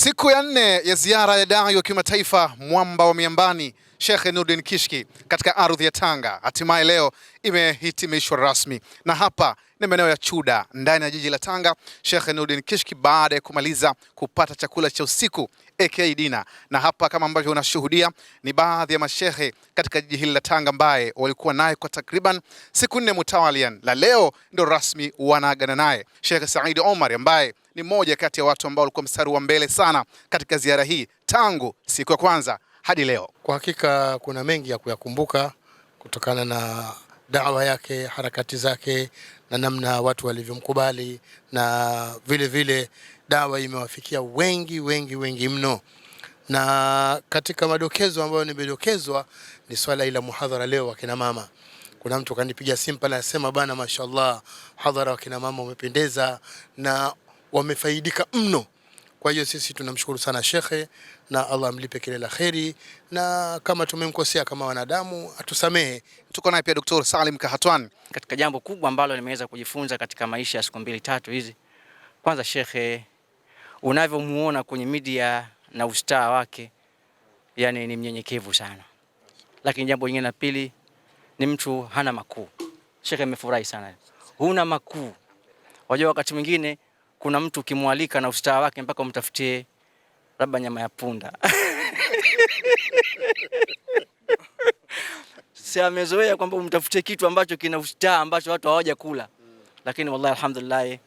Siku ya nne ya ziara ya dai wa kimataifa mwamba wa miambani Shekhe Nurdin Kishki katika ardhi ya Tanga hatimaye leo imehitimishwa rasmi, na hapa ni maeneo ya Chuda ndani ya jiji la Tanga. Shekhe Nurdin Kishki baada ya kumaliza kupata chakula cha usiku aka dina, na hapa kama ambavyo unashuhudia ni baadhi ya mashehe katika jiji hili la Tanga ambaye walikuwa naye kwa takriban siku nne mutawalian, la leo ndio rasmi wanaagana naye. Shekhe Saidi Omar ambaye ni mmoja kati ya watu ambao walikuwa mstari wa mbele sana katika ziara hii tangu siku ya kwanza hadi leo. Kwa hakika kuna mengi ya kuyakumbuka kutokana na dawa yake, harakati zake na namna watu walivyomkubali, na vile vile dawa imewafikia wengi wengi wengi mno. Na katika madokezo ambayo nimedokezwa ni swala ila muhadhara leo wa kina mama. Kuna mtu kanipiga simu pale anasema, bana, mashallah hadhara wa kina mama umependeza na wamefaidika mno. Kwa hiyo sisi tunamshukuru sana shekhe na Allah amlipe kile la kheri, na kama tumemkosea kama wanadamu atusamehe. Tuko naye pia Dr. Salim Kahatwan. Katika jambo kubwa ambalo nimeweza kujifunza katika maisha ya siku mbili tatu hizi, kwanza shekhe unavyomuona kwenye media na ustaa wake, yani ni mnyenyekevu sana, lakini jambo lingine la pili ni mtu hana makuu. Shekhe amefurahi sana, huna makuu. Wajua wakati mwingine kuna mtu ukimwalika na ustaa wake mpaka umtafutie labda nyama ya punda si amezoea kwamba umtafutie kitu ambacho kina ustaa ambacho watu hawaja kula Lakini wallahi alhamdulillah,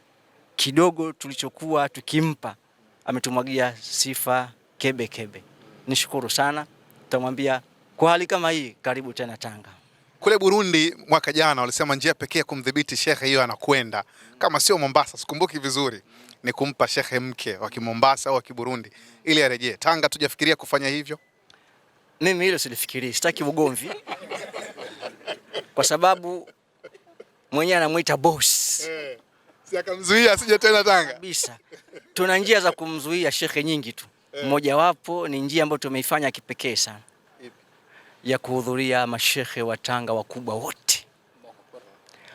kidogo tulichokuwa tukimpa ametumwagia sifa kebe kebe. Nishukuru sana, tutamwambia kwa hali kama hii, karibu tena Tanga. Kule Burundi mwaka jana walisema njia pekee ya kumdhibiti shekhe hiyo anakwenda kama sio Mombasa, sikumbuki vizuri, ni kumpa shekhe mke wa Kimombasa au wa Kiburundi ili arejee Tanga. Tujafikiria kufanya hivyo? Mimi hilo silifikirii, sitaki ugomvi kwa sababu mwenyewe anamuita boss eh, si akamzuia asije tena Tanga kabisa. Tuna njia za kumzuia shekhe nyingi tu hey. Eh. Mmojawapo ni njia ambayo tumeifanya kipekee sana ya kuhudhuria mashehe wa Tanga wakubwa wote,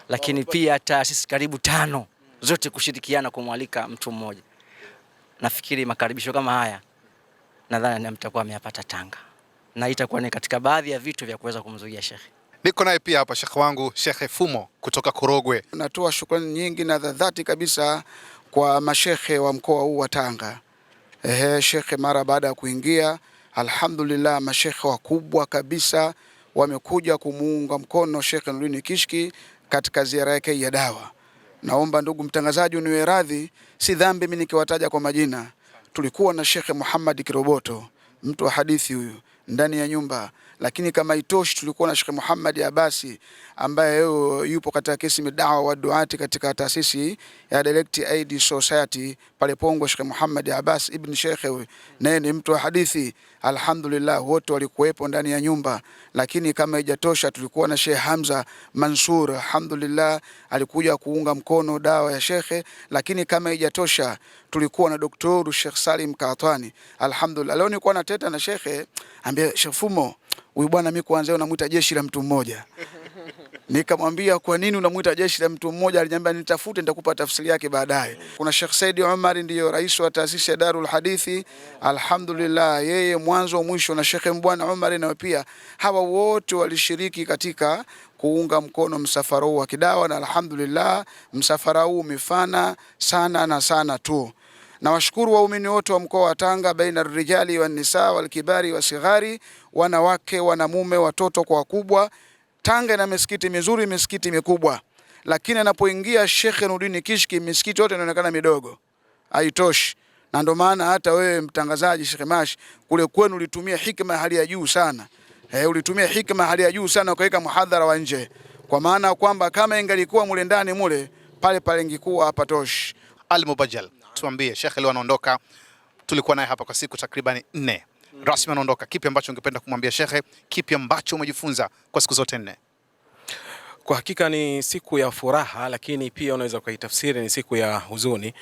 lakini pia taasisi karibu tano zote kushirikiana kumwalika mtu mmoja. Nafikiri makaribisho kama haya nadhani mtakuwa ameyapata Tanga na itakuwa ni katika baadhi ya vitu vya kuweza kumzuia shekhe. Niko naye pia hapa shekhe wangu Shekhe Fumo kutoka Korogwe. Natoa shukrani nyingi na dhati kabisa kwa mashekhe wa mkoa huu wa Tanga. Ehe, shekhe mara baada ya kuingia Alhamdulillah, mashekhe wakubwa kabisa wamekuja kumuunga mkono Sheikh Nurdin Kishki katika ziara yake ya dawa. Naomba ndugu mtangazaji uniwe radhi, si dhambi mimi nikiwataja kwa majina. Tulikuwa na Sheikh Muhammad Kiroboto, mtu wa hadithi huyu ndani ya nyumba, lakini kama itoshi, tulikuwa na Sheikh Muhammad Abasi ambaye yeye yupo katika kesi midawa wa duati katika taasisi ya Direct Aid Society pale Pongo. Sheikh Muhammad Abasi ibn Sheikh, naye ni mtu wa hadithi Alhamdulillah, wote walikuwepo ndani ya nyumba, lakini kama haijatosha, tulikuwa na Sheikh Hamza Mansur, alhamdulillah, alikuja kuunga mkono dawa ya shekhe. Lakini kama haijatosha, tulikuwa na Daktari Sheikh Salim Katwani, alhamdulillah. Leo nilikuwa nateta na shekhe, ambia Sheikh Fumo, huyu bwana mimi kuanzia unamwita jeshi la mtu mmoja Nikamwambia, kwa nini unamwita jeshi la mtu mmoja? Aliniambia, nitafute nitakupa tafsiri yake baadaye. Kuna Sheikh Said Omar, ndiyo rais wa taasisi ya Darul Hadithi, alhamdulillah, yeye mwanzo mwisho, na Sheikh Mbwana Omar, na pia hawa wote walishiriki katika kuunga mkono msafara huu wa kidawa, na alhamdulillah msafara huu umefana sana na sana tu na washukuru waumini wote wa mkoa wa Tanga, baina rijali wa nisaa, wal kibari wa sighari, wanawake wanamume, watoto kwa wakubwa. Tanga ina misikiti mizuri, misikiti mikubwa, lakini anapoingia Sheikh Nuruddin Kishki misikiti yote inaonekana midogo, haitoshi. Na ndio maana hata wewe mtangazaji Sheikh Mash kule kwenu ulitumia hikma hali ya juu sana e, ulitumia hikma hali ya juu sana ukaweka muhadhara wa nje, kwa maana kwamba kama ingalikuwa mule ndani mule pale pale ingekuwa toshi. Al Mubajjal, tuambie Sheikh leo anaondoka, tulikuwa naye hapa kwa siku takribani nne mm. rasmi anaondoka, kipi ambacho ungependa kumwambia shehe? Kipi ambacho umejifunza kwa siku zote nne? Kwa hakika ni siku ya furaha, lakini pia unaweza ukaitafsiri ni siku ya huzuni,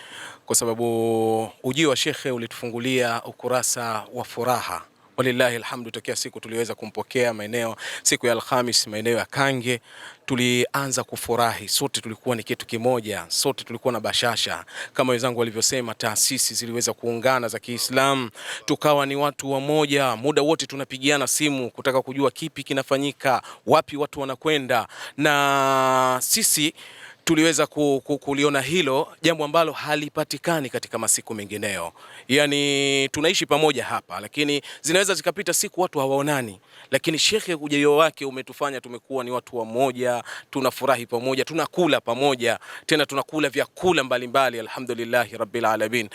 kwa sababu ujio wa shekhe ulitufungulia ukurasa wa furaha. Walillahi alhamdu, tokea siku tuliweza kumpokea maeneo siku ya Alhamis maeneo ya Kange, tulianza kufurahi sote, tulikuwa ni kitu kimoja, sote tulikuwa na bashasha kama wenzangu walivyosema, taasisi ziliweza kuungana za Kiislamu, tukawa ni watu wamoja, muda wote tunapigiana simu kutaka kujua kipi kinafanyika, wapi watu wanakwenda na sisi tuliweza ku, ku, kuliona hilo jambo ambalo halipatikani katika masiku mengineo Yani tunaishi pamoja hapa, lakini zinaweza zikapita siku watu hawaonani, lakini shekhe, ujio wake umetufanya tumekuwa ni watu wamoja, tunafurahi pamoja, tunakula pamoja, tena tunakula vyakula mbalimbali. Alhamdulillahi rabbil alamin.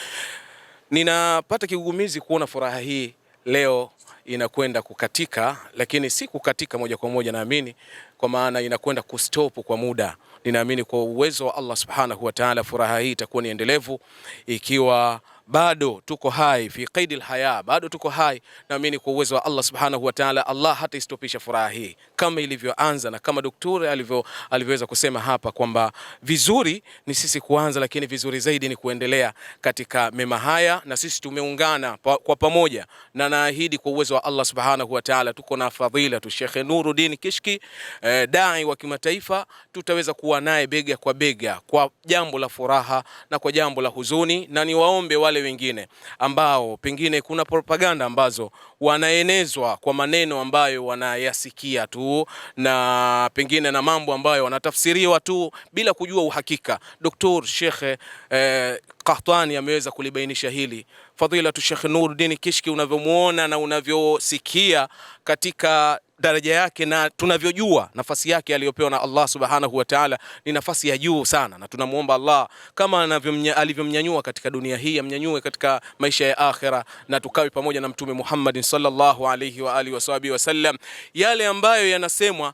Ninapata kigugumizi kuona furaha hii leo inakwenda kukatika, lakini si kukatika moja kwa moja, naamini kwa maana inakwenda kustop kwa muda. Ninaamini kwa uwezo wa Allah subhanahu wa ta'ala, furaha hii itakuwa ni endelevu ikiwa bado tuko hai fi qaidi lhaya, bado tuko hai. Naamini kwa uwezo wa Allah subhanahu wa taala, Allah hata istopisha furaha hii kama ilivyoanza, na kama daktari alivyo alivyoweza kusema hapa kwamba vizuri ni sisi kuanza, lakini vizuri zaidi ni kuendelea katika mema haya, na sisi tumeungana pa, kwa pamoja, na naahidi kwa uwezo wa Allah subhanahu wa taala, tuko na fadhila tu Sheikh Nuruddin Kishki eh, dai wa kimataifa, tutaweza kuwa naye bega kwa bega kwa jambo la furaha na kwa jambo la huzuni, na niwaombe wale wale wengine ambao pengine kuna propaganda ambazo wanaenezwa kwa maneno ambayo wanayasikia tu na pengine na mambo ambayo wanatafsiriwa tu bila kujua uhakika. Dr. Sheikh eh, Qahtani ameweza kulibainisha hili. Fadhilatu Shekh Nuruddin Kishki, unavyomuona na unavyosikia katika daraja yake na tunavyojua nafasi yake aliyopewa na Allah subhanahu wa ta'ala ni nafasi ya juu sana, na tunamwomba Allah kama alivyomnyanyua katika dunia hii amnyanyue katika maisha ya akhera, na tukawe pamoja na Mtume Muhammad sallallahu alayhi wa alihi wasallam. Yale ambayo yanasemwa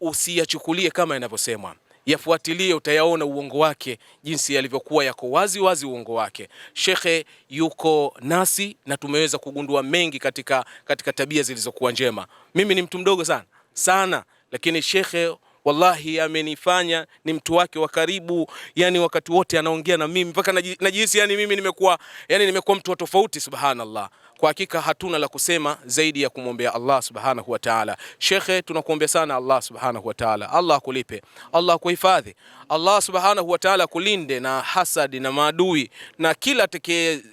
usiyachukulie kama yanavyosemwa yafuatilie, utayaona uongo wake jinsi yalivyokuwa yako wazi wazi. Uongo wake shekhe yuko nasi na tumeweza kugundua mengi katika, katika tabia zilizokuwa njema. Mimi ni mtu mdogo sana sana, lakini shekhe wallahi amenifanya ni mtu wake wa karibu, yani wakati wote anaongea na mimi mpaka najihisi yani mimi nimekuwa yani nimekuwa mtu wa tofauti, subhanallah. Kwa hakika hatuna la kusema zaidi ya kumwombea Allah subhanahu wa ta'ala. Shekhe, tunakuombea sana Allah subhanahu wa ta'ala, Allah akulipe, Allah akuhifadhi, Allah subhanahu wa ta'ala kulinde na hasadi na maadui na kila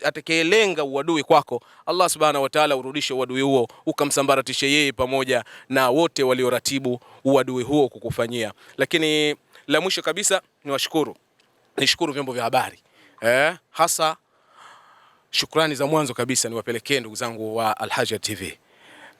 atakayelenga uadui kwako, Allah subhanahu wa ta'ala urudishe uadui huo, ukamsambaratishe yeye pamoja na wote walioratibu uadui huo kukufanyia. Lakini la mwisho kabisa, niwashukuru nishukuru vyombo vya habari eh, hasa Shukrani za mwanzo kabisa niwapelekee ndugu zangu wa Alhaja TV.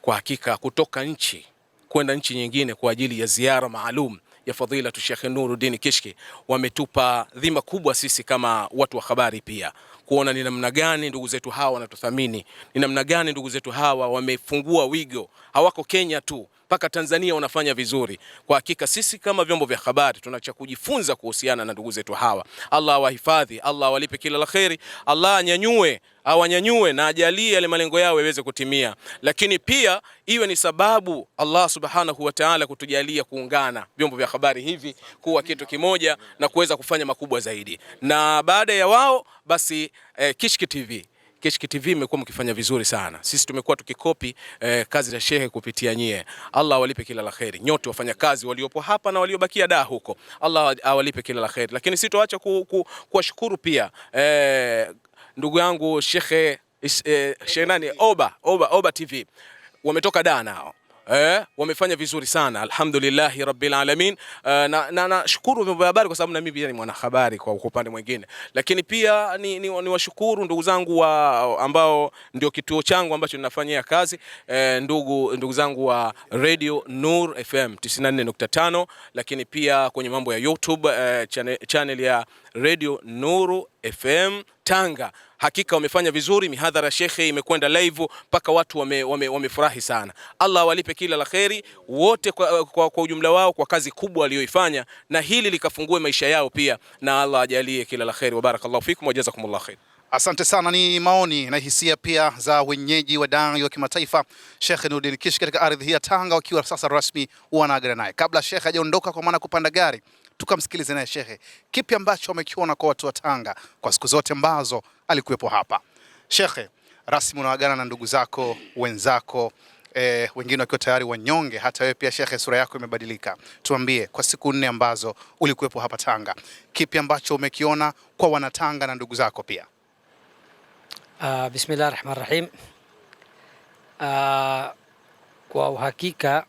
Kwa hakika kutoka nchi kwenda nchi nyingine kwa ajili ya ziara maalum ya fadhilatu Sheikh Nuruddin Kishki wametupa dhima kubwa sisi kama watu wa habari, pia kuona ni namna gani ndugu zetu hawa wanatuthamini, ni namna gani ndugu zetu hawa wamefungua wigo, hawako Kenya tu mpaka Tanzania wanafanya vizuri. Kwa hakika sisi kama vyombo vya habari tuna cha kujifunza kuhusiana na ndugu zetu hawa. Allah awahifadhi, Allah awalipe kila la kheri, Allah anyanyue awanyanyue na ajalie yale malengo yao yaweze kutimia, lakini pia iwe ni sababu Allah subhanahu wa ta'ala kutujalia kuungana vyombo vya habari hivi kuwa kitu kimoja na kuweza kufanya makubwa zaidi, na baada ya wao basi eh, Kishki TV Keshki TV imekuwa mkifanya vizuri sana, sisi tumekuwa tukikopi eh, kazi za shehe kupitia nyie. Allah awalipe kila la kheri nyote wafanyakazi waliopo hapa na waliobakia da huko, Allah awalipe kila la kheri. Lakini sitoacha kuwashukuru ku, pia eh, ndugu yangu shehe eh, shehe nani Oba, Oba, Oba TV wametoka da nao Eh, wamefanya vizuri sana alhamdulillahi rabbil alamin. Uh, na nashukuru na, vyombo vya habari kwa sababu na mimi pia ni mwanahabari kwa upande mwingine, lakini pia ni, ni, ni washukuru ndugu zangu wa ambao ndio kituo changu ambacho ninafanyia kazi eh, ndugu, ndugu zangu wa Radio Nur FM 94.5 lakini pia kwenye mambo ya YouTube eh, channel, channel ya Radio Nuru FM Tanga. Hakika wamefanya vizuri, mihadhara shekhe imekwenda live mpaka watu wame, wame, wamefurahi sana. Allah walipe kila la kheri wote kwa, kwa, kwa ujumla wao kwa kazi kubwa aliyoifanya, na hili likafungue maisha yao pia, na Allah ajalie kila la kheri. Wabarakallahu fikum wa khair. Asante sana. Ni maoni na hisia pia za wenyeji wa dangi wa kimataifa Sheikh Nurdin Kish katika ardhi hii ya Tanga, wakiwa sasa rasmi wanaagana naye kabla Sheikh hajaondoka, kwa maana kupanda gari tukamsikilize naye shehe, kipi ambacho amekiona kwa watu wa Tanga kwa siku zote ambazo alikuwepo hapa. Shehe, rasmi unaagana na ndugu zako wenzako, e, wengine wakiwa tayari wanyonge. Hata wewe pia shehe, sura yako imebadilika. Tuambie, kwa siku nne ambazo ulikuwepo hapa Tanga, kipi ambacho umekiona kwa wanatanga na ndugu zako pia? Uh, bismillah rahman rahim. Uh, ah, kwa uhakika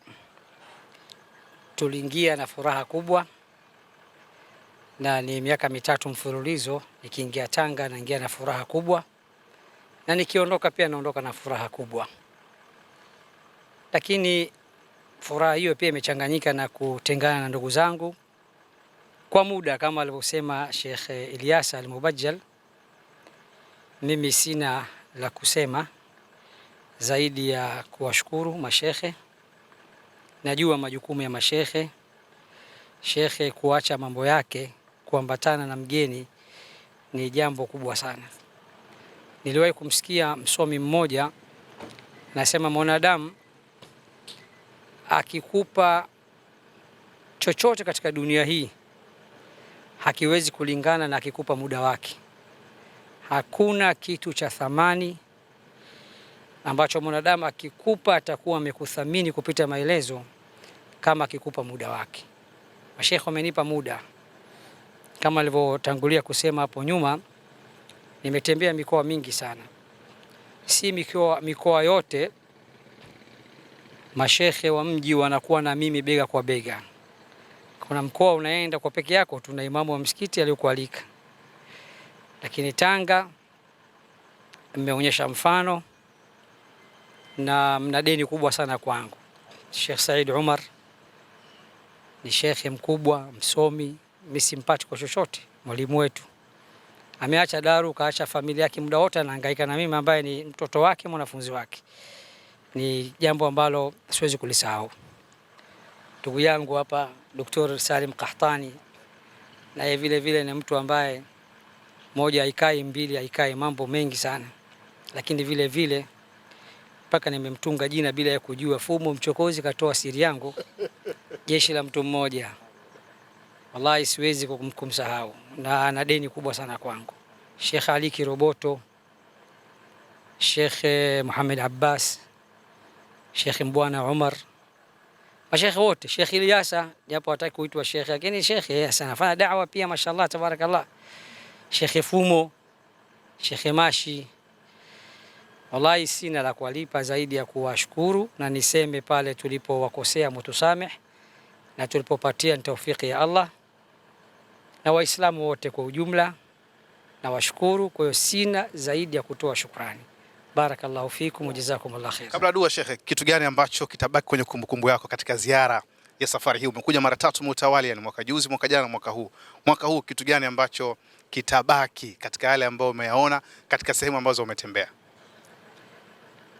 tuliingia na furaha kubwa na ni miaka mitatu mfululizo nikiingia Tanga naingia na furaha kubwa, na nikiondoka pia naondoka na furaha kubwa, lakini furaha hiyo pia imechanganyika na kutengana na ndugu zangu kwa muda, kama alivyosema Sheikh Ilyas Al-Mubajjal. Mimi sina la kusema zaidi ya kuwashukuru mashekhe. Najua majukumu ya mashekhe, shekhe kuacha mambo yake kuambatana na mgeni ni jambo kubwa sana. Niliwahi kumsikia msomi mmoja anasema, mwanadamu akikupa chochote katika dunia hii hakiwezi kulingana na akikupa muda wake. Hakuna kitu cha thamani ambacho mwanadamu akikupa atakuwa amekuthamini kupita maelezo kama akikupa muda wake. Mashekhe wamenipa muda. Kama alivyotangulia kusema hapo nyuma, nimetembea mikoa mingi sana, si mikoa, mikoa yote mashehe wa mji wanakuwa na mimi bega kwa bega. Kuna mkoa unaenda kwa peke yako, tuna imamu wa msikiti aliyokualika, lakini Tanga mmeonyesha mfano na mna deni kubwa sana kwangu. Sheikh Said Umar ni shekhe mkubwa msomi mimi simpati kwa chochote. Mwalimu wetu ameacha daru, kaacha familia yake, muda wote anahangaika na mimi ambaye ni mtoto wake, mwanafunzi wake. Ni jambo ambalo siwezi kulisahau. Ndugu yangu hapa Dr. Salim Kahtani naye vile vile ni mtu ambaye moja haikai mbili haikai, mambo mengi sana lakini vile vile mpaka nimemtunga jina bila ya kujua. Fumo mchokozi katoa siri yangu, jeshi la mtu mmoja. Wallahi siwezi kumsahau na ana deni kubwa sana kwangu, Sheikh Ali Kiroboto, Sheikh eh, Muhammad Abbas, Sheikh Mbwana Umar, mashekhe wote, Sheikh Ilyasa japo hataki kuitwa sheikh, lakini sheikh yeye eh, anafanya da'wa pia, mashallah tabarakallah, Sheikh Fumo, Sheikh Mashi. Wallahi sina la kuwalipa zaidi ya kuwashukuru na niseme pale tulipowakosea mutusameh na tulipopatia ni taufiki ya Allah na Waislamu wote kwa ujumla na washukuru. Kwa hiyo sina zaidi ya kutoa shukrani. Barakallahu fikum wajazakumullah khair. Kabla dua, shekhe, kitu gani ambacho kitabaki kwenye kumbukumbu yako katika ziara ya safari hii? Umekuja mara tatu mtawalia, yani mwaka juzi, mwaka jana, mwaka huu. Mwaka huu kitu gani ambacho kitabaki katika yale ambayo umeyaona katika sehemu ambazo umetembea?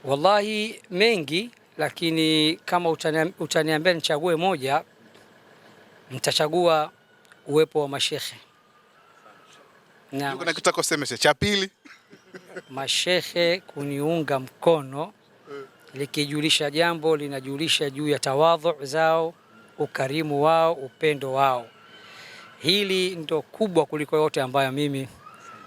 Wallahi mengi, lakini kama utaniambia nichague moja, mtachagua uwepo wa mashehe. Na kitu semeshe cha pili mashekhe kuniunga mkono likijulisha jambo linajulisha juu ya tawadhu zao, ukarimu wao, upendo wao. Hili ndo kubwa kuliko yote ambayo mimi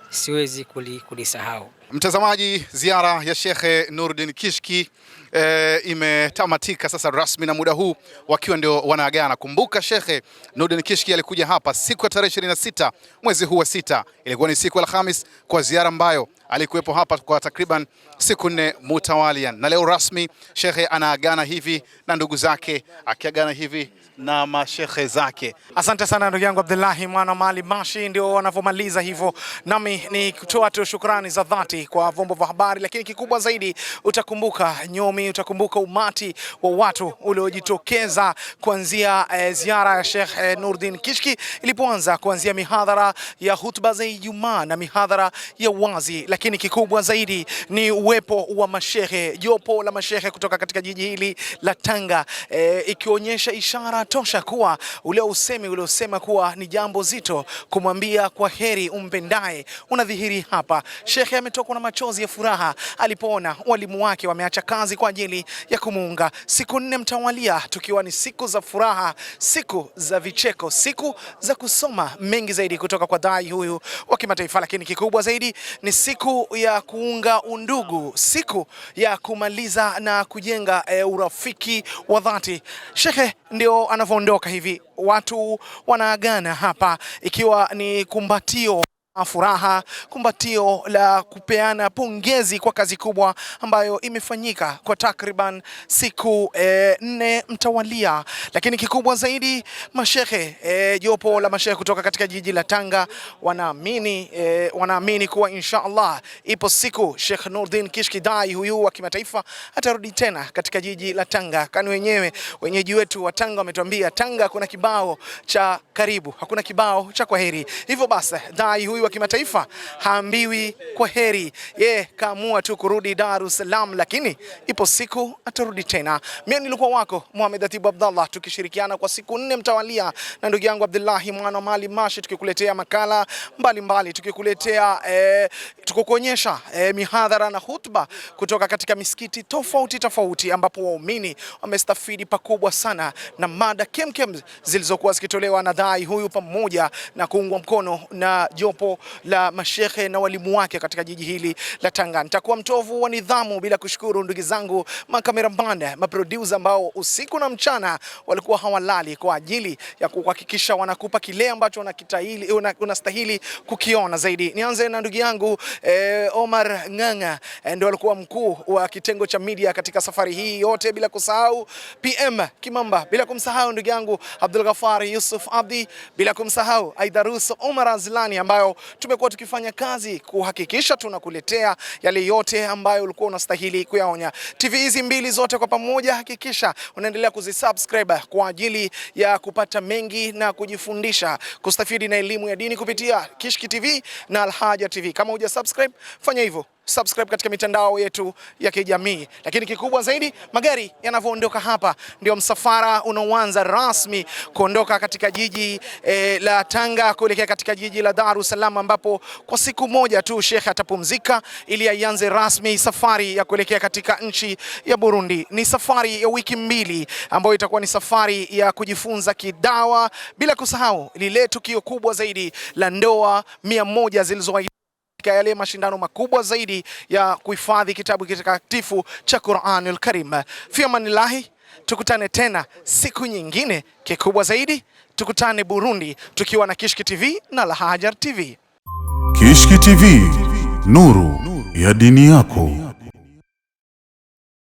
siwezi kulisahau. Mtazamaji, ziara ya Shekhe Nuruddin Kishki e, imetamatika sasa rasmi na muda huu wakiwa ndio wanaagana. Kumbuka Shekhe Nurdin Kishki alikuja hapa siku ya tarehe 26 mwezi huu wa sita, ilikuwa ni siku ya Alhamis kwa ziara ambayo alikuwepo hapa kwa takriban siku nne mutawalian, na leo rasmi Shekhe anaagana hivi na ndugu zake, akiagana hivi na mashehe zake. Asante sana ndugu yangu Abdullahi mwana Mali Mashi, ndio wanavyomaliza hivyo, nami ni kutoa tu shukrani za dhati kwa vyombo vya habari, lakini kikubwa zaidi utakumbuka nyomi, utakumbuka umati wa watu uliojitokeza kuanzia e, ziara ya Sheikh e, Nurdin Kishki ilipoanza, kuanzia mihadhara ya hutuba za Ijumaa na mihadhara ya wazi, lakini kikubwa zaidi ni uwepo wa mashehe, jopo la mashehe kutoka katika jiji hili la Tanga e, ikionyesha ishara inatosha kuwa ule usemi uliosema kuwa ni jambo zito kumwambia kwa heri umpendaye unadhihiri hapa. Shekhe ametokwa na machozi ya furaha alipoona walimu wake wameacha kazi kwa ajili ya kumuunga. Siku nne mtawalia, tukiwa ni siku za furaha, siku za vicheko, siku za kusoma mengi zaidi kutoka kwa dai huyu wa kimataifa, lakini kikubwa zaidi ni siku ya kuunga undugu, siku ya kumaliza na kujenga e, urafiki wa dhati. Shekhe ndio wanavyoondoka hivi, watu wanaagana hapa, ikiwa ni kumbatio furaha, kumbatio la kupeana pongezi kwa kazi kubwa ambayo imefanyika kwa takriban siku e, nne mtawalia. Lakini kikubwa zaidi mashehe, e, jopo la mashehe kutoka katika jiji la Tanga wanaamini e, wanaamini kuwa insha Allah ipo siku Sheikh Nurdin Kishkidai huyu wa kimataifa atarudi tena katika jiji la Tanga. Kani wenyewe wenyeji wetu wa Tanga wametuambia Tanga kuna kibao cha karibu, hakuna kibao cha kwaheri. Hivyo basi dai huyu wa kimataifa haambiwi kwa heri. Ye kaamua tu kurudi Dar es Salaam, lakini ipo siku atarudi tena. Mimi nilikuwa wako Mohamed Atibu Abdallah, tukishirikiana kwa siku nne mtawalia na ndugu yangu Abdullahi mwana Mali Mashi, tukikuletea makala mbalimbali, tukikuletea eh, tukukuonyesha eh, mihadhara na hutba kutoka katika misikiti tofauti tofauti, ambapo waumini wamestafidi pakubwa sana na mada kemkem zilizokuwa zikitolewa na dhai huyu pamoja na kuungwa mkono na jopo la mashehe na walimu wake katika jiji hili la Tanga. Nitakuwa mtovu wa nidhamu bila kushukuru ndugu zangu makameraman, maproducer ambao usiku na mchana walikuwa hawalali kwa ajili ya kuhakikisha wanakupa kile ambacho unakitahili unastahili kukiona zaidi. Nianze na ndugu yangu eh, Omar Ng'ang'a eh, ndio alikuwa mkuu wa kitengo cha media katika safari hii yote, bila kusahau PM Kimamba, bila kumsahau ndugu yangu Abdul Ghafari Yusuf Abdi, bila kumsahau Aidarus Omar Azlani ambayo tumekuwa tukifanya kazi kuhakikisha tunakuletea yale yote ambayo ulikuwa unastahili kuyaona. TV hizi mbili zote kwa pamoja, hakikisha unaendelea kuzisubscribe kwa ajili ya kupata mengi na kujifundisha kustafidi na elimu ya dini kupitia Kishki TV na Alhaja TV. Kama hujasubscribe fanya hivyo subscribe katika mitandao yetu ya kijamii. Lakini kikubwa zaidi, magari yanavyoondoka hapa, ndio msafara unaoanza rasmi kuondoka katika jiji e, la Tanga kuelekea katika jiji la Dar es Salaam, ambapo kwa siku moja tu shekhe atapumzika ili aianze rasmi safari ya kuelekea katika nchi ya Burundi. Ni safari ya wiki mbili ambayo itakuwa ni safari ya kujifunza kidawa, bila kusahau lile tukio kubwa zaidi la ndoa mia moja katika yale mashindano makubwa zaidi ya kuhifadhi kitabu kitakatifu cha Qur'anul Karim. Fiamanilahi, tukutane tena siku nyingine, kikubwa zaidi tukutane Burundi, tukiwa na Kishki TV na Lahajar TV. Kishki TV, nuru ya dini yako.